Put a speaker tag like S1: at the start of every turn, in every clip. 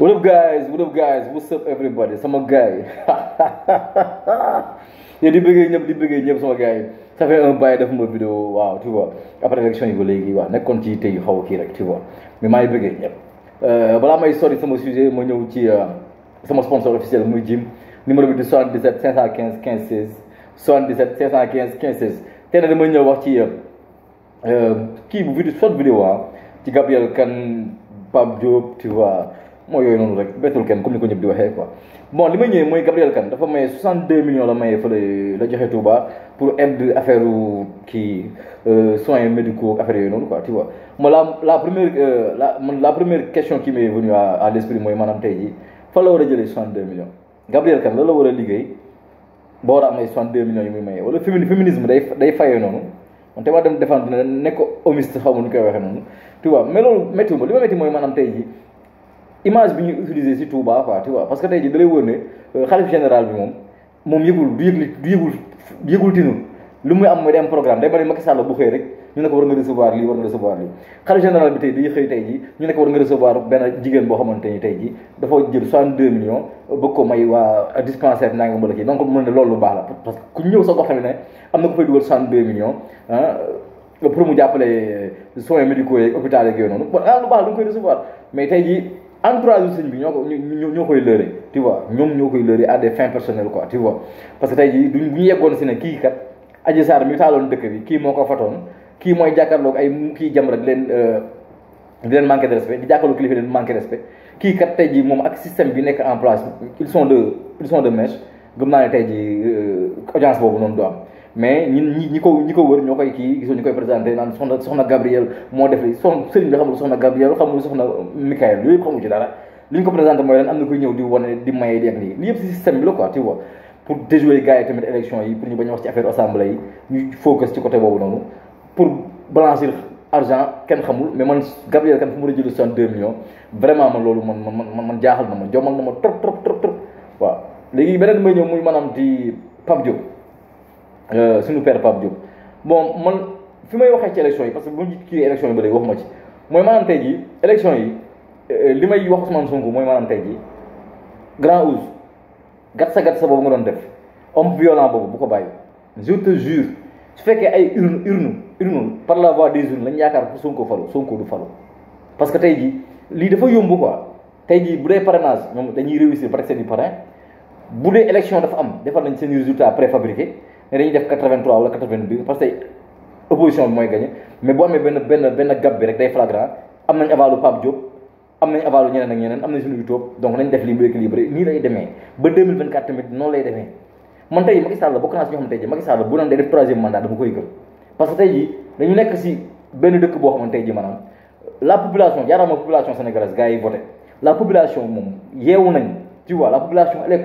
S1: What up, guys? What up, guys? What's up, everybody? Sama gars. yéen di bëggee ñëpp di bëggee ñëpp sama guy. yi ça fait un bail vidéo Wow, tiba. vois après élection yi ba léegi waaw nekkoon ci tey xaw kii rek tu vois mais maa ngi bëggee euh, sama sujet ma ñëw ci euh, sama sponsor officiel di 77 515 15 16 Saan 515 15 16 tey nag dama ñëw wax ci euh, vidéo short vidéo ah ci Gabriel Kane Pape mooy yooyu noonu rek bettul kenn comme ni ko ñëpp di waxee quoi bon li may ñëwee mooy Gabriel Kane dafa maye 62 millions la maye fële la joxe Touba pour aide affaire kii euh, soins médicaux affaire yooyu noonu quoi tu vois. ma la la première euh, la la première question qui m'est venue à à l'esprit mooy maanaam tey jii fa la war a jëlee 62 millions Gabriel Kane la la war a liggéey boo war 62 millions yu muy maye wala féminisme day day fayee noonu. on te ma dem défendre ne nekk homiste xaw ma nu koy waxee noonu tu vois mais loolu méttiwul ma li ma métti mooy maanaam tey jii. image bi ñu utilisé si Touba quoi tu parce que tey ji dalay wóor ne euh, xalif général bi moom moom yëgul du yëgli du yëgul tinu lu muy am mooy dem programme day mel ni Macky Sall bu xëy rek ñu ne war nga recevoir lii xalif général bi tey di xëy tey ji ñu ne war nga recevoir benn jigéen boo xamante ni ji dafa jël 62 millions bëgg ko may waa euh, dispensaire naa nga mbala kii donc mu ne loolu lu baax la parce que ku ñëw sa gox tamit ne am na ah, euh, ah, ko En sëñ bi ñoo tu vois ñoom ñoo koy à des fins personnelles quoi tu vois parce que tey jii le ñu yeggoon si kat mi qui bi qui ay euh, de respect di kilifa leen respect système bi en place ils sont de de mèche gëm mais ñun ñi ñi ko ñi ko wër ñoo koy kii gisoo ñu koy présenté naan soxna soxna Gabriel moo def li soxna sëriñ bi xamul soxna Gabriel xamul soxna Michael yooyu yëpp xamu ci dara li ñu ko présenté mooy lan am na kuy ñëw di maye di ak lii li yëpp si système bi la quoi tu vois pour déjouer gars yi tamit élection yi pour ñu bañ a wax ci affaire assemblée yi ñu focus ci côté boobu noonu pour blanchir argent kenn xamul mais man Gabriel kan fu mu la jëlee vraiment man loolu man man man man jaaxal na ma jomal na ma trop trop trop trop waaw léegi beneen may ñëw muy maanaam di Pape Diop Euh, suñu père Pape Diop bon man fi may waxee ci élection yi parce que bu ñu kii élection yi ba léegi waxuma ci mooy maanaam tey jii élection yi euh, li may wax Ousmane Sonko mooy maanaam tey jii grand ouse gat sa gat sa boobu nga doon def homme violent boobu bu ko bàyyi je te jure su fekkee ay urne urne urne par la voix des urnes lañ yaakaar pour Sonko falu Sonko du falu parce que tey jii lii dafa yomb quoi tey jii bu dee parrainage ñoom dañuy réussir par seen i parrain bu dee élection dafa am defal nañ seen résultat préfabriqué ne dañuy def 83 wala 82 parce que opposition bi mooy gagné mais bu amee benn benn benn gab bi rek day flagrant am nañ avalu Pape Diop am nañ avalu ñeneen ak ñeneen am nañ suñu yu tóob donc nañ def lii bu équilibré nii lay demee ba 2024 tamit noonu lay demee man tey Macky Sall bokk naa si ñoo xam tey jii Macky bu doon day def troisième mandat dama koy gëm parce que tey jii dañu nekk si benn dëkk boo xamante tey jii maanaam la population jaaraama population sénégalaise gars yi voté la population moom yeewu nañ tu la population elle est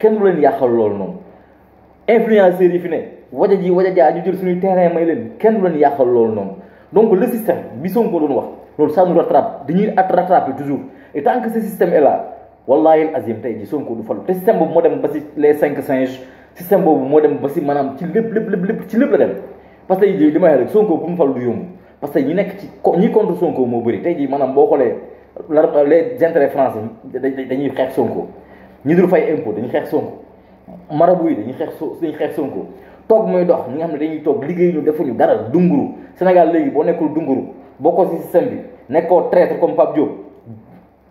S1: kenn vous leen yàqal loolu noonu influenceur yi fi ne waja ji waja jaa may leen kenn leen yàqal loolu donc le système vous Sonko doon wax loolu ça nous rattrape dañuy rattraper toujours et tant que ce système est là wallahi système les cinq singes système dem si ci ci la dem parce que rek du parce que ñi ci ñi contre les intérêts français dañuy ñu dul fay impôt dañu xeex Sonko mara yi dañu xeex so dañu xeex Sonko toog mooy dox ñi nga xam ne dañuy toog liggéey ñu defuñu dara dunguru Sénégal léegi boo nekkul dunguru boo ko si système bi nekkoo traître comme Pape Diop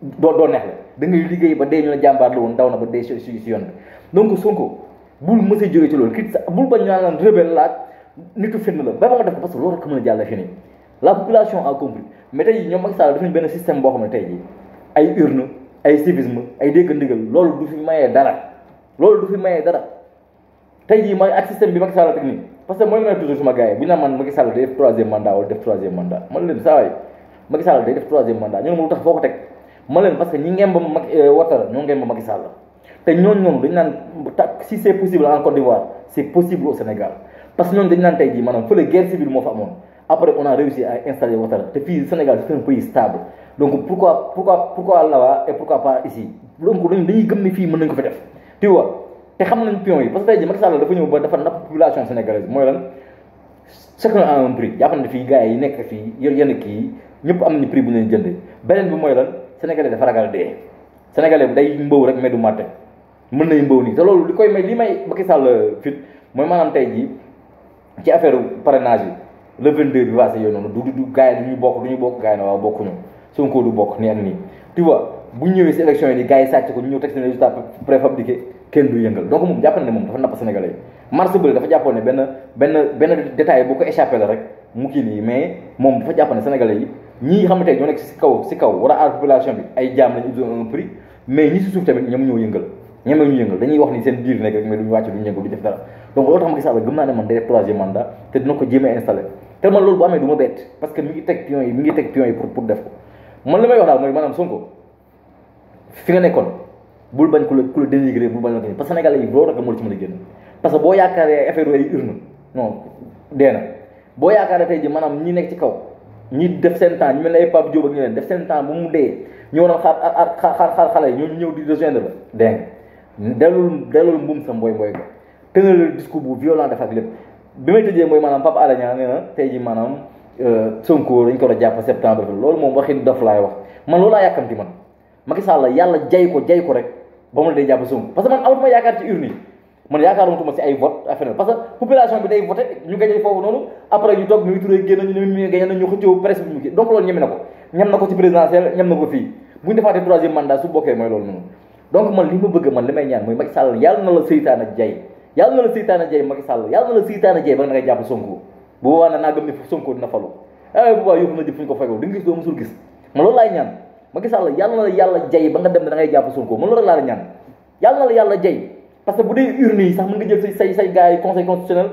S1: doo doo neex la da ngay liggéey ba dee ñu la jàmbaar la woon daw na ba dee si si yoon bi donc Sonko bul mu a jógee ci loolu kii bul bañ ñu naan rebelle laa nitu firnde la ba ba nga def ko parce que loolu rek mën a jàll fi nii la population a compris ñoom Macky Sall benn système boo xam ne tey jii ay urne ay civisme ay dégg ndigal loolu du fi mayee dara loolu du fi mayee dara tey jii may ak système bi Macky Sall teg nii parce que mooy ma ne toujours suma gars yi bu ñu naan man Macky Sall day def troisième mandat wala def troisième mandat man leen saa waay Macky Sall day def troisième mandat ñu lu tax foo ko teg ma leen parce ñi ngeen ba Macky euh, Ouattara ñoo ngeen ba Macky Sall te ñooñu ñoom dañu naan si c' est possible en Côte d'Ivoire c' est possible au Sénégal parce ñooñu dañu naan tey Après, on a réussi à installer Ouattara. Depuis le Sénégal, c'est un pays stable. Donc, pourquoi, pourquoi, pourquoi là-bas et pourquoi pas ici Donc, on a dit que les filles peuvent faire. Tu vois te xam nañ pion yi parce que tey jii Macky Sall dafa ñëw ba defar napp population sénégalaise mooy lan chacun a un prix jàpp na fii gars yi nekk fii yor yenn kii yi ñëpp am nañu prix bu ñu leen jëndee beneen bi mooy lan sénégalais dafa ragal dee sénégalais bi day mbaw rek mais du màtte mën nañ mbaw nii te loolu li koy may li may Macky Sall fit mooy maanaam tey jii ci affaire parrainage yi le 22 bi passé yow noonu du du gars yi du ñu bokk du bokk gars na waaw bokkuñu Sonko du bokk nii ak nii tu bu ñëwee si élection yi nii gars yi sàcc ko ñu ñëw teg seen résultat préfabriqué kenn du yëngal donc moom jàpp na ne moom dafa napp sénégalais yi mars bële dafa jàppoon ne benn benn benn détail ko échappé la rek mu kii nii mais moom dafa jàpp ne sénégalais yi ñii xamante ñoo nekk si kaw si kaw war a aar population bi ay jaam lañu uso un prix mais ñi si suuf tamit ñoom ñoo yëngal ñoom ñu yëngal dañuy wax ni seen biir nekk rek mais duñu wàcc duñu yëngal du def dara te man loolu bu amee du ma bett parce que mi ngi teg pion yi mi ngi teg pion yi pour pour def ko man li may wax daal mooy maanaam Sonko fi nga nekkoon bul bañ ku la ku la dénigré bul bañ la ko parce que Sénégalais yi boo rek moo la ci mën a génn parce que boo yaakaaree affaire yooyu urne non dee na boo yaakaaree tey ji maanaam ñi nekk ci kaw ñi def seen temps ñu mel ne ay Pape Diop ak ñeneen def seen temps ba mu dee ñu waroon xaar xaar xaar xale yi ñoom ñëw di rejoindre la dégg nga dellu dellul mbuum sa mbooy mbooy ga tënalal discours bu def ak lépp bi may tëjee mooy maanaam Pape Alé Niang nee na tey ji maanaam euh, Sonko dañ ko war a jàpp septembre loolu moom waxin dof laay wax man loolu la day jàpp Sonko parce que man ay vote affaire ko ñem na ko ci présidentielle ñem na ko fii bu ñu defaatee troisième mandat man li ma yàlla na la seytaane jay la sitana jey Macky Sall la sitana jey ba nga japp sonko bu wana na gëm ni sonko dina falu ay eh, bu ba yu ma fuñ ko fago di gis do musul gis ma lool lay ñaan Macky Sall yalna la yalla jey ba nga dem da ngay japp sonko ma lool la la ñaan yalna la yalla jey parce que bu di urni sax mën nga jël say say say gaay conseil constitutionnel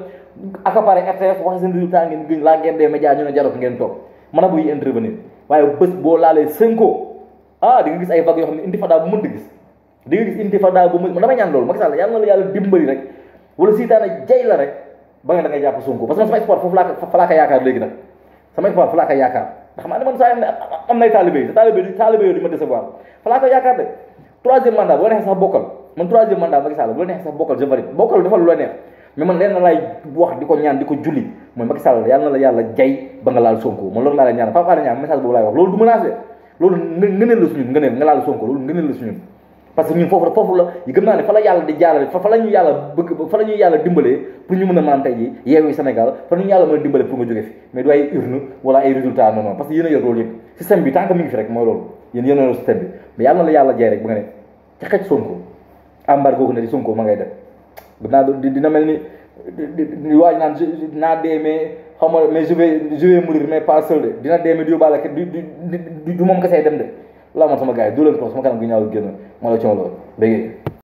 S1: accaparer RTS wax sen résultat ngeen gën la ngeen dé média ñu na jarof ngeen tok mana buy intervenir waaye bés boo laalee sënkoo ah di nga gis ay vague yoo xam ne intifada bu mënta gis di nga gis intifada bu mënta dama ñaan loolu Macky Sall yàlla na la yàlla dimbali rek wala seytaane jay la rek ba nga da ngay jàpp Sonko parce que man sama espoir foofu laa ko fa laa ko yaakaar léegi nag sama espoir fa laa ko yaakaar ndax man man saa am am nay taalibe yi te taalibe yi taalibe yooyu duñu ma décevoir fa laa ko yaakaar de troisième mandat bu la neexee sax bokkal man troisième mandat Macky Sall bu la neexee sax bokkal je valide bokkal defal lu la neex mais man leen na laay wax di ko ñaan di ko julli mooy Macky Sall yàlla na la yàlla jay ba nga laal Sonko man loolu laa la ñaan Papa Alé Niang message boobu laay wax loolu du menacé loolu ngëneel la suñun ngëneel nga laal Sonko loolu ngëneel la suñun parce que ñun foofu la foofu la gëm naa ne fa la yàlla di jaarale fa la ñu yàlla bëgg fa la ñuy yàlla dimbalee pour ñu mën a maan tey ji yeewu Sénégal fa la ñu yàlla mën a dimbalee pour nga jóge fi mais a yor loolu yëpp système bi tant que mi ngi di di waaj naan naa dem de laa man sama gars yi du leen ko sama kanam gi ñaaw génn ma la coono loolu bëggee